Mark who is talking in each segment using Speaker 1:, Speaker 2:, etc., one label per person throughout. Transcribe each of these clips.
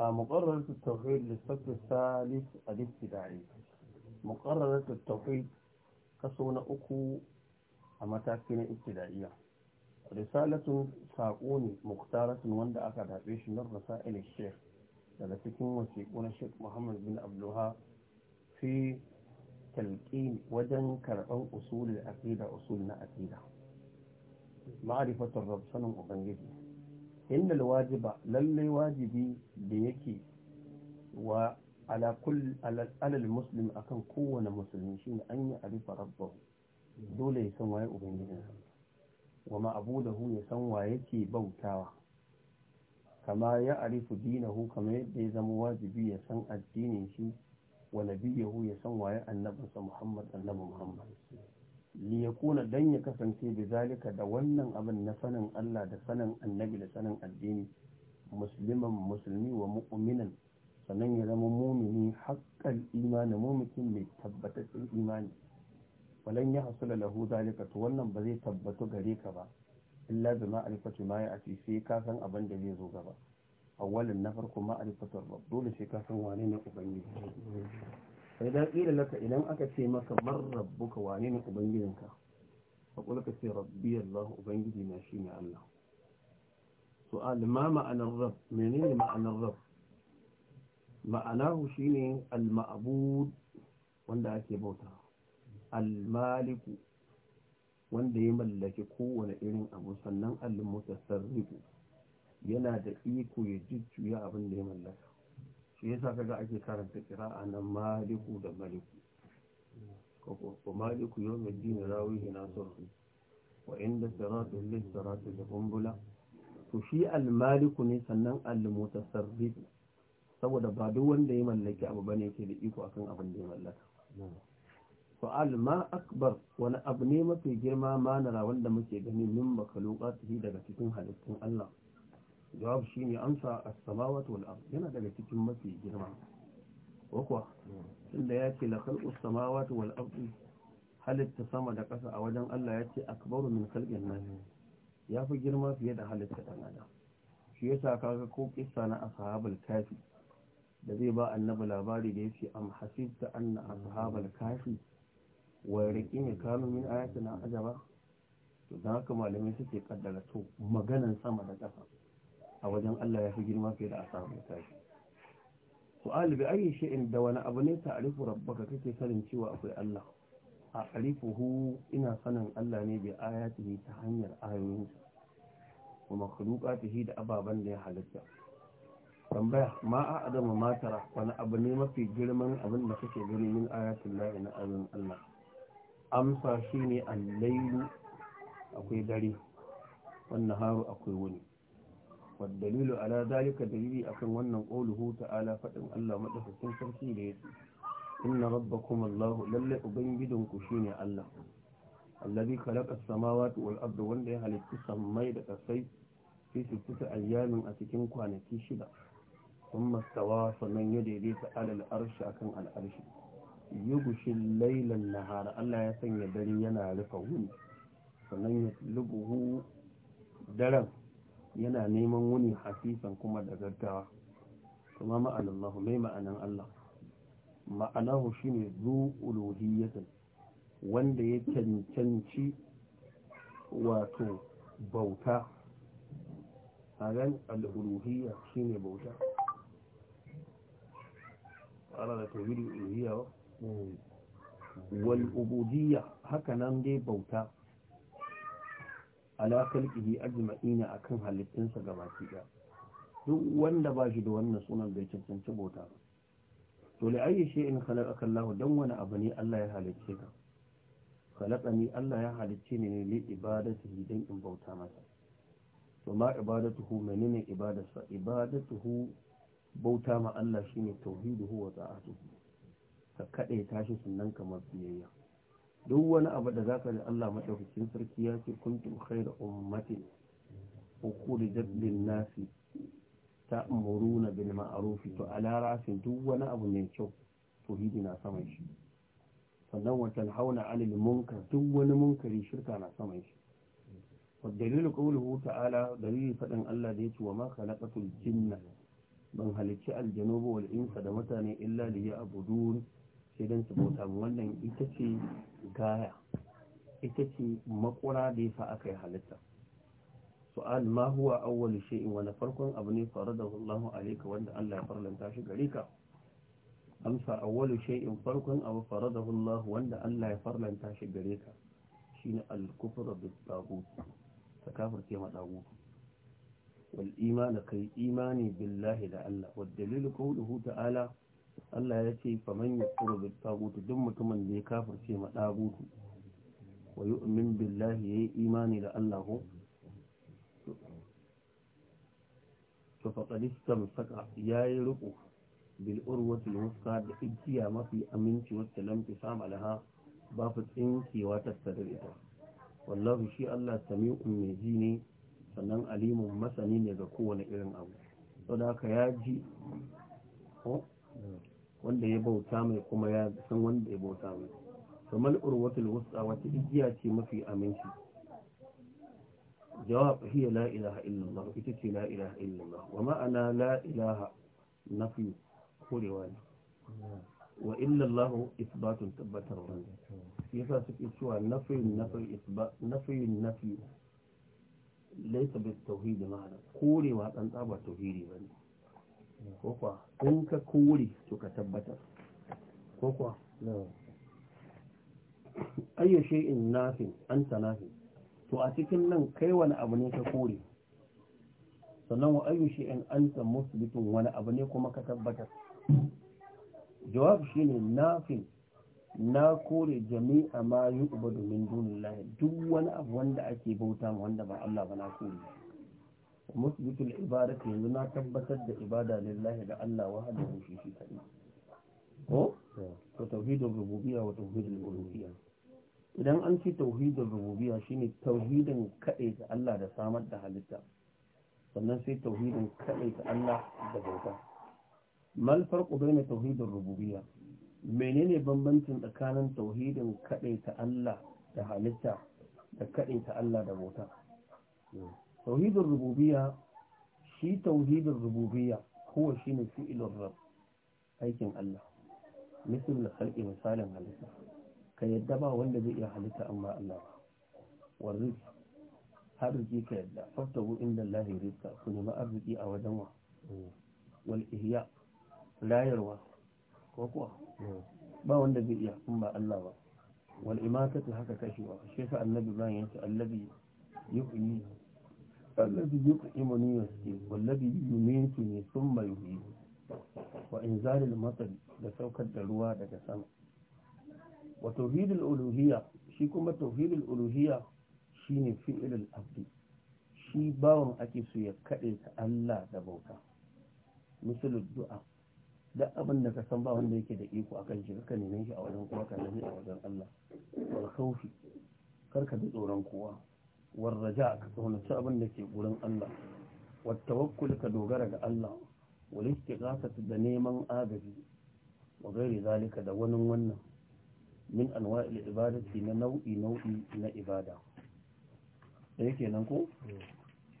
Speaker 1: مقررة التوحيد للصف الثالث الابتدائي مقررة التوحيد كسونا أكو أما أمتاكين ابتدائية رسالة ساقوني مختارة واندا أكاد هبيش من رسائل الشيخ لتكون وسيقون الشيخ محمد بن عبدها في تلقين وجن كرأو أصول الأكيدة أصولنا أكيدة معرفة الرب سنم أبنجدي inda wajiba lallai wajibi da yake wa alal muslim akan kowane musulmi shi an yi arifa rabbahu dole ya san waye ubangijinsa wa ma'abudahu ya san waye ke bautawa kama ya arifu dinahu kama yadda ya zama wajibi ya san addinin shi wa nabiyahu ya san waye annabinsa muhammad annabi muhammad liyakuna yakuna dan ya kasance da zalika da wannan abin na sanin Allah da sanin annabi da sanin addini musliman musulmi wa mu'minan sannan ya zama mumini haƙƙal imani mumikin mai tabbataccen imani walan ya hasula lahu zalika to wannan ba zai tabbatu gare ka ba illa bi ma'rifati ma ya'ti sai ka san abin da zai zo gaba awwalan na farko ma'rifatar rabb dole sai ka san wane ne ubangiji idan ƙila laka idan aka ce maka mar rabbuka wane ne ubangijinka a ka ce rabbi Allah ubangiji na shi Allah su'al ma ma'anar rab menene ma'anar rab ma'anahu shine al-ma'bud wanda ake bauta al-maliku wanda ya mallaki kowane irin abu sannan al-mutasarrifu yana da iko ya jujjuya abin da ya mallaka shi yasa ga ake karanta kira'a nan maliku da maliku ko maliku yawmin din rawihi nasruhu wa inda siratul lil da qumbula to shi almaliku ne sannan al mutasarrif saboda ba duk wanda ya mallaki abu bane yake da iko akan abin da ya mallaka fa'al ma akbar wani abu ne mafi girma manara wanda muke gani min makalokatihi daga cikin halittun Allah jawab shine amsa as-samawati wal yana daga cikin mafi girma ko kuwa ya ce la khalqus samawati halitta sama da ƙasa a wajen Allah ya ce akbaru min khalqin nas ya fi girma fiye da halitta dan adam shi yasa kaga ko kissa na ashabal kafi da zai ba annabi labari da yake am hasibta anna ashabul kafi wa riqin kanu min ayatina ajaba to dan haka malamai suke kaddara to maganan sama da ƙasa a wajen Allah ya fi girma fiye da a samu tashi su bi ayi inda da wani abu ne ta ta'rifu rabbaka kake sanin cewa akwai Allah a arifuhu ina sanin Allah ne bi ayatihi ta hanyar ayoyinsa wa makhluqatihi da ababan da ya halitta tambaya ma a adama matara wani abu ne mafi girman abin da kake gani min ayatul lahi na azan Allah amsa shine al-layl akwai dare wannan haru akwai wuni والدليل على ذلك دليل أكن ونن قوله تعالى فإن الله مدفكين سرسيلي إن ربكم الله للي أبنجدن كشيني الله الذي خلق السماوات والأرض ونديها لتسمي لأسي في ستة أيام أتكين كوانتي شدة ثم استوى فمن يدي ليس على الأرش أكن الأرش يغشي الليل النهار الله يسن يدري ينعرفه فمن يطلبه درم yana neman wuni hafisan kuma da gaggawa kuma ma'anan Allah mai ma'anan Allah ma'anahu shine zu uluhiyyatin wanda ya cancanci wato bauta a ran al shi shine bauta ana da tawhidul uluhiyya hmm. wal ubudiyya haka nan dai bauta ala ajima'i ajma'ina akan halittunsa gabaki ɗaya duk wanda ba shi da wannan sunan bai cancanci bota. ba to la ayi shay'in khalaqa Allah dan wani abu ne Allah ya halicce ka khalaqani Allah ya halicce ni ne li ibadatihi dan in bauta masa to ma ibadatuhu menene ibadarsa ibadatuhu bauta ma Allah shine tauhiduhu wa ta'atuhu ka kade tashi sunan kamar biyayya duk wani abu da zaka da Allah madaukakin sarki ya ce kuntum da ummatin ukhrijat lin-nasi ta'muruna bil ma'ruf to ala rasin duk wani abu mai kyau tauhidi na saman shi sannan wa hauna 'anil munkar duk wani munkari shirka na saman shi والدليل قوله تعالى دليل فدن الله ديت وما خلقت الجن من هلك الجنوب والإنس دمتني إلا ليعبدون sai don su bauta wannan ita ce gaya ita ce makura da yasa aka yi halitta su'al ma huwa awwal shay'in wani farkon abu ne faradahu Allahu alayka wanda Allah ya farlanta shi gare ka amsa awwal shay'in farkon abu faradahu Allah wanda Allah ya farlanta shi gare ka shine al-kufru bi taghut ta kafirce ma taghut wal iman kai imani billahi da Allah wa dalilu qawluhu ta'ala Allah ya ce faman ya tsoro da tagutu duk mutumin da ya kafirce ma tagut wa umin billahi yayi imani da Allah ko to musaka ya yi riƙo bil'ur wata al da igiya mafi aminci wacce lam tisam alaha ba fa tsinkewa ta sadar ita wallahi shi Allah sami mai ne sannan alimun masani ne ga kowane irin abu saboda haka ya ji wanda ya bauta mai kuma ya san wanda ya bauta mai kamar urwatul wusta wata igiya ce mafi aminci jawab hiya la ilaha illallah ita ce la ilaha illallah wa ma'ana la ilaha nafi korewa ne wa illallahu isbatun tabbatar wani yasa suke cewa nafiyin nafi isbat nafiyin nafi laysa bit tauhid ma'ana korewa dan tsaba tauhidi bane ko kuwa in ka kore to ka tabbatar ko ayyo shay'in nafi anta to a cikin nan kai wani abu ne ka kore sannan wa ayyo shay'in anta musbitun wani abu ne kuma ka tabbatar jawab shine nafi na kore jami'a ma yi uba domin duniya duk wani abu wanda ake bauta wanda ba Allah ba na kore musbitul ibadati yanzu na tabbatar da ibada lillahi da Allah wahdahu shi shi kadai ko to tauhidul rububiyya wa tauhidul uluhiyya idan an ci tauhidul rububiyya shine tauhidin kadai ga Allah da samar da halitta sannan sai tauhidin kadai ga Allah da bauta mal farqu bayna tauhidur rububiyya menene bambancin tsakanin tauhidin kadai ga Allah da halitta da kadai ga Allah da bauta tauhidin rububiya shi tauhidin rububiya kowa shi fi'ilun rab aikin Allah misalin halƙi misalin halitta ka yadda ba wanda zai iya halitta amma Allah wa rizki har rizki ka yadda fastahu inda Allah ya rizka ku nemi a wajen wa wal ihya layarwa ko ba wanda zai iya in ba Allah ba wal haka kashewa shi annabi Ibrahim yace allazi yuhyi الذي يطعمني يسقين والذي يميتني ثم da وإنزال المطر لسوك الدلوى لك سما وتوحيد الألوهية shi kuma tauhidul uluhiyya shine fi'ilul abdi shi bawon ake so ya kade ta Allah da bauta da abin da ka san ba wanda yake da iko kan shi ka neman shi a wajen kowa ka nemi a wajen Allah wal khawfi ka da tsoron kowa warraja ka kaunaci abin da ke gurin Allah wattawakkul ka dogara ga Allah wal istighasatu da neman agaji wa gairi zalika da wani wannan min anwa'il ibadati na nau'i nau'i na ibada da yake nan ko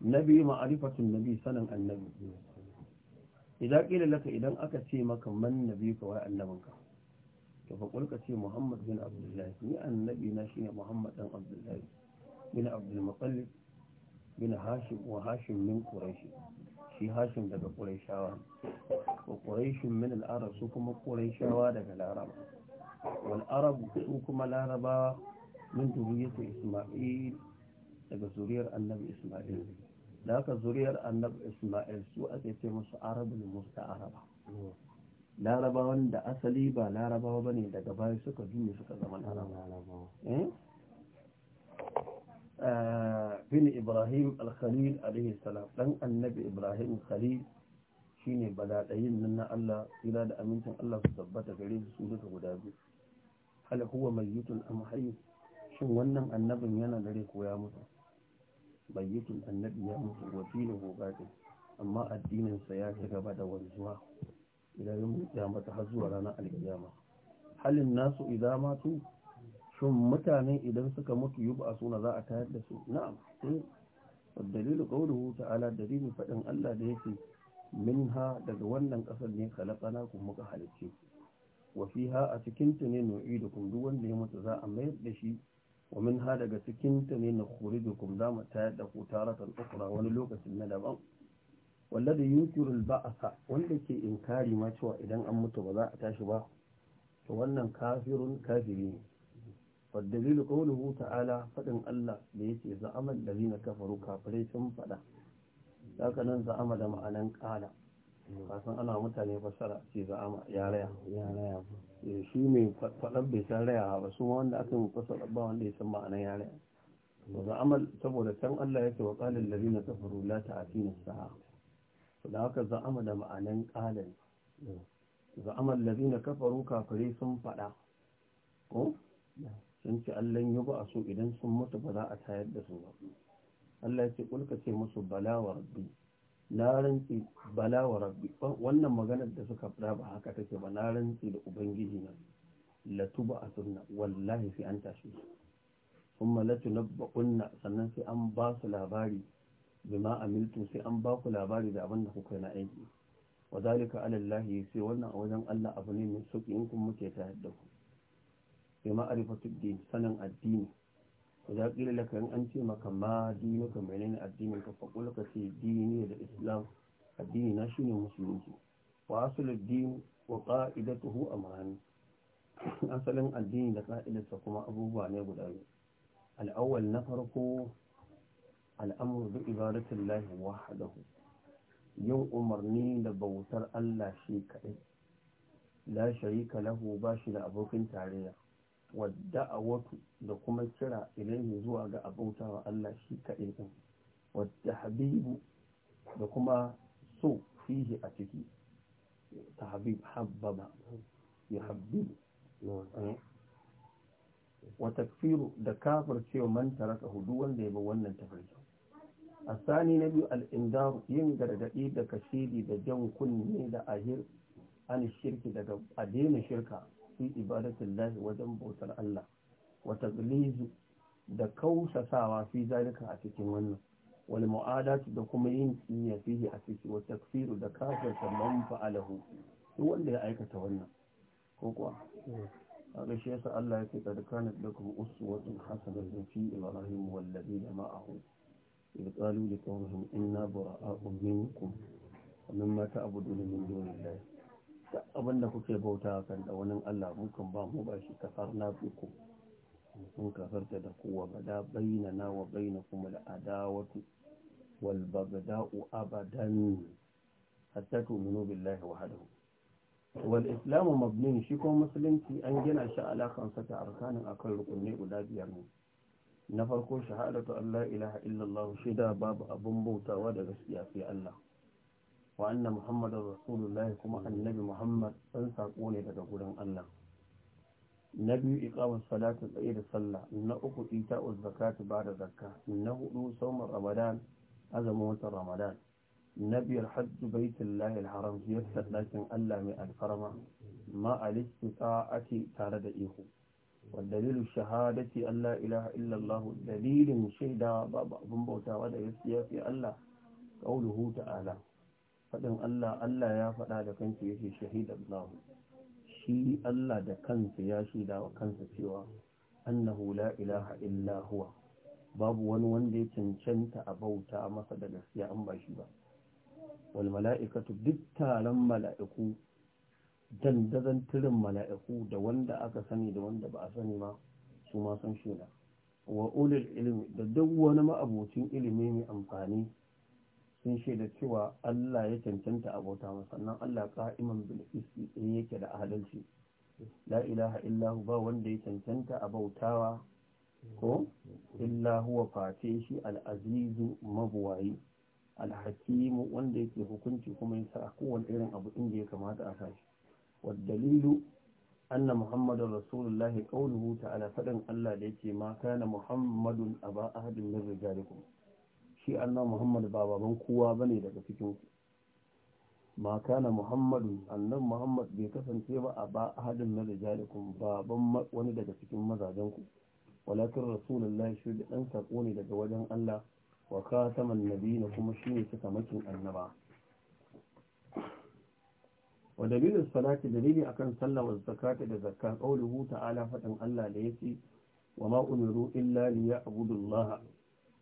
Speaker 1: nabi ma'arifatun nabi sanin annabi idan kila laka idan aka ce maka man nabi ka wai annabinka to fa ce muhammad bin abdullahi ni annabi na shine muhammad dan abdullahi bin abdulmutallib bin hashim wa hashim min ƙuraishi shi hashim daga ƙuraishawa wa ƙuraishin min al'arab su kuma ƙuraishawa daga laraba wal arabu su kuma larabawa min zuriyatu isma'il daga zuriyar annabi isma'il da haka zuriyar annabi isma'il su ake ce musu arabul musta'araba larabawan da asali ba larabawa bane daga baya suka juye suka zama larabawa eh? bin Ibrahim al-Khalil alaihi salam dan annabi Ibrahim Khalil shine baladayin nan na Allah ila da amincin Allah su tabbata gare su su duka guda biyu hal huwa mayyitun am hayy shin wannan annabin yana dare ko ya mutu mayyitun annabi ya mutu wakili ko gadi amma addinin sa ya ci gaba da wanzuwa ila yau kiyama ta har zuwa ranar alkiyama halin nasu idan matu shin mutane idan suka mutu yi ba suna za a tayar da su na'am eh, dalilu qawluhu ta'ala dalilin faɗin Allah da yake minha daga wannan ƙasar ne khalaqana kun muka halicce wa fiha a cikin ta ne nu'idukum duk wanda ya mutu za a mayar da shi wa minha daga cikin ta ne nukhrijukum za mu tayar da ku taratan ukhra wani lokacin na daban wallazi yunkiru al-ba'sa wanda ke inkari ma cewa idan an mutu ba za a tashi ba to wannan kafirun kafiri ne والدليل قوله تعالى فإن الله ليتي زعم الذين كفروا كافرين ثم فدا لكن نن زعم ده معنى قال kasan ana mutane fassara ce za'ama ya raya shi mai faɗar bai san raya ba su wanda aka yi fassara ba wanda ya san ma'anar ya raya ba za'amal saboda can Allah ya ce wa ƙalin lari na kafaru la ta afi na sa'a da haka za'ama da ma'anan ƙalin za'amal lari na kafaru kafare sun faɗa ko sun ce allan yi ba a so idan sun mutu ba za a tayar da su ba Allah ya ce kulka ce musu bala wa rabbi na rantsi bala wa rabbi wannan maganar da suka fada ba haka take ba na ranci da ubangiji na ba a sunna wallahi sai an tashi kuma latunabba'unna sannan sai an ba su labari bima amiltu sai an ba ku labari da abin da kuka yi na aiki wa zalika ala sai wannan a wajen Allah abu ne mai sauki in kun muke tayar da ku bi ma'arifatu din sanin addini idza kila laka in an ce maka ma ka menene addinin ka faqul ka ce dini da islam addini na shine musulunci wa asalu din wa qa'idatuhu amani asalin addini da ka'idarsa kuma abubuwa ne guda biyu awwal na farko al'amur bi ibadatin lahi wahadahu yin umarni da bautar Allah shi kaɗai la sharika lahu ba shi da abokin tarayya wadda a da kuma kira ilaihi zuwa ga abautawa Allah shi kaɗai ɗin wadda habibu da kuma so fihi a ciki ta habib habbaba ya habibu eh. wata firu da kafar cewa man taraka hudu wanda ya bi wannan tafarki a sani na biyu al'indaru yin gargaɗi da kashidi da jan kunne da ahir an shirki daga adena shirka fi ibadatin lahi wajen bautar Allah wata tsilizu da kausasawa fi zalika a cikin wannan wani mu'adat da kuma yin tsiniya fiye a cikin wata tafiru da kafinta man fa'alahu duk wanda ya aikata wannan ko kuwa a gashi yasa Allah ya fi tsarkanar da kuma usu wasu hasanar da fi ibrahim wallabi da ma'ahu ila tsalu da kawai hin ina bura a ummin ku ومما تعبدون من دون الله abin da kuke bauta kan da wani Allah mun kan ba mu ba shi kafar na ku mun kafarta da kowa bada bayyana na wa bayyana kuma da adawatu wal bagda'u abadan hatta tu'minu billahi wahdahu wal islamu mabnin shi kuma musulunci an gina shi alakan sa ta arkanin akan rukunni guda biyar ne na farko shahadatu Allah ilaha illallah shida babu abun bautawa da gaskiya sai Allah wa anna muhammadar rasulullahi kuma annabi muhammad ɗan saƙo ne daga gurin allah na biyu iqamar salatu tsaye da sallah na uku ita zakatu ba da zakka na hudu saumar ramadan azumin watan ramadan na biyar hajji baitin lahil haram ziyartar ɗakin allah mai alfarma ma a ake tare da ihu Wa dalilu أن لا إله إلا dalilin shaidawa شهدا باب أبن بوتا ودا يسيا Allah? الله قوله faɗin Allah Allah ya faɗa da kansa yake shahid Allah shi Allah da kansa ya shaida wa kansa cewa annahu la ilaha illa huwa babu wani wanda ya cancanta a bauta masa da gaskiya an ba shi ba wal mala'ikatu duk taron mala'iku dandazon tirin mala'iku da wanda aka sani da wanda ba a sani ma su ma san shaida wa ulul ilmi da duk wani ma'abocin ilimi mai amfani sun shaida cewa Allah ya cancanta abota masa sannan Allah qa'iman bil qisti yake da adalci la ilaha illa hu ba wanda ya cancanta abautawa ko illa huwa fate shi al-azizu mabwayi al-hakimu wanda yake hukunci kuma ya sa kowane irin abu inda ya kamata a sashi والدليل أن محمد رسول الله قوله تعالى فدن الله ليتي ما كان محمد hadin أحد من ku. shi annan muhammad ba baban kowa bane daga cikin ku ma kana muhammadu annan muhammad bai kasance ba a ba ahadin na rijalikum baban wani daga cikin mazajen ku walakin rasulullahi shi da dan sako ne daga wajen Allah wa khataman na kuma shine makin annaba wa dalilin salati dalili akan sallah wa zakati da zakka qauluhu ala fadin Allah da yace wa ma umiru illa liya'budu abudullaha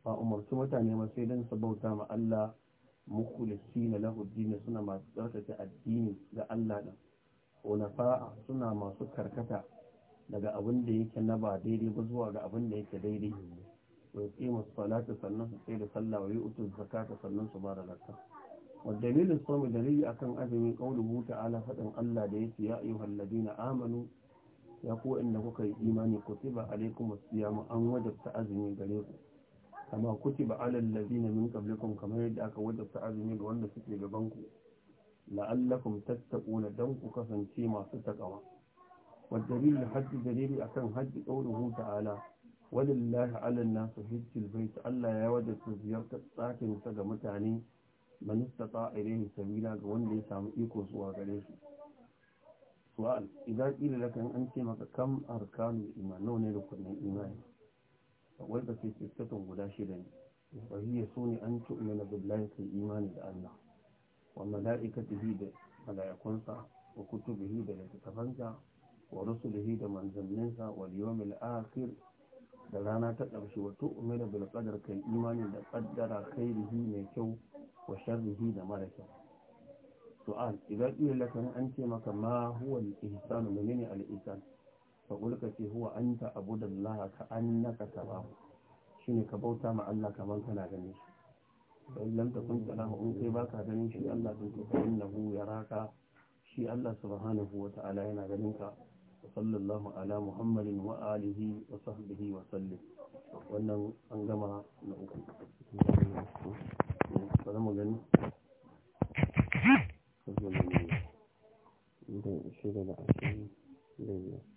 Speaker 1: ba umarci mutane ma sai dan su bauta ma Allah mukhlisin lahu dini suna masu tsarkake addini ga Allah da hunafa suna masu karkata daga abin da yake na ba daidai ba zuwa ga abin da yake daidai wa qima salata sannan su tsaya da sallah wa yu'tu zakata sannan su ba da zakka wa dalilin sami dalili akan azumi qauluhu ta'ala fadin Allah da yake ya ayyuhal ladina amanu ya ku inda kuka yi imani kutiba alaikumus siyamu an wajabta azumi gare ku kama kutiba alal ladina min qablikum kamar yadda aka wajabta azumi ga wanda suke gaban ku la'allakum tattaquna dan ku kasance masu takawa wa hajji hajj dalili akan hajj qawluhu ta'ala walillahi 'alan nasi hajjul bait Allah ya wajabta ziyarta tsakin sa ga mutane man istata'a ilayhi sabila ga wanda ya samu iko zuwa gare su sual idan ila lakan an ce maka kam arkanul iman nawne rukunin imani wanda ke sittatun guda shida ne wa hiya sune an tu'mina billahi kai imani da Allah wa mala'ikatihi da mala'ikunsa wa kutubihi da littattafansa wa rusulihi da manzanninsa wa yawmil akhir da rana ta ƙarshe wa tu'mina bil qadar kai imani da qaddara khairihi mai kyau wa sharrihi da mara kyau su'al idan qila laka an ce maka ma huwa al-ihsan menene al-ihsan fa ulka ce huwa an anta abudallaha ka annaka Shi ne ka bauta ma Allah kaman kana ganin shi fa in lam takun tarahu in kai baka ganin shi Allah sun ce fa ya raka. shi Allah subhanahu wa ta'ala yana ganin ka Wa sallallahu ala muhammadin wa alihi wa sahbihi wa sallim wannan an gama na uku bari mu gani Thank you.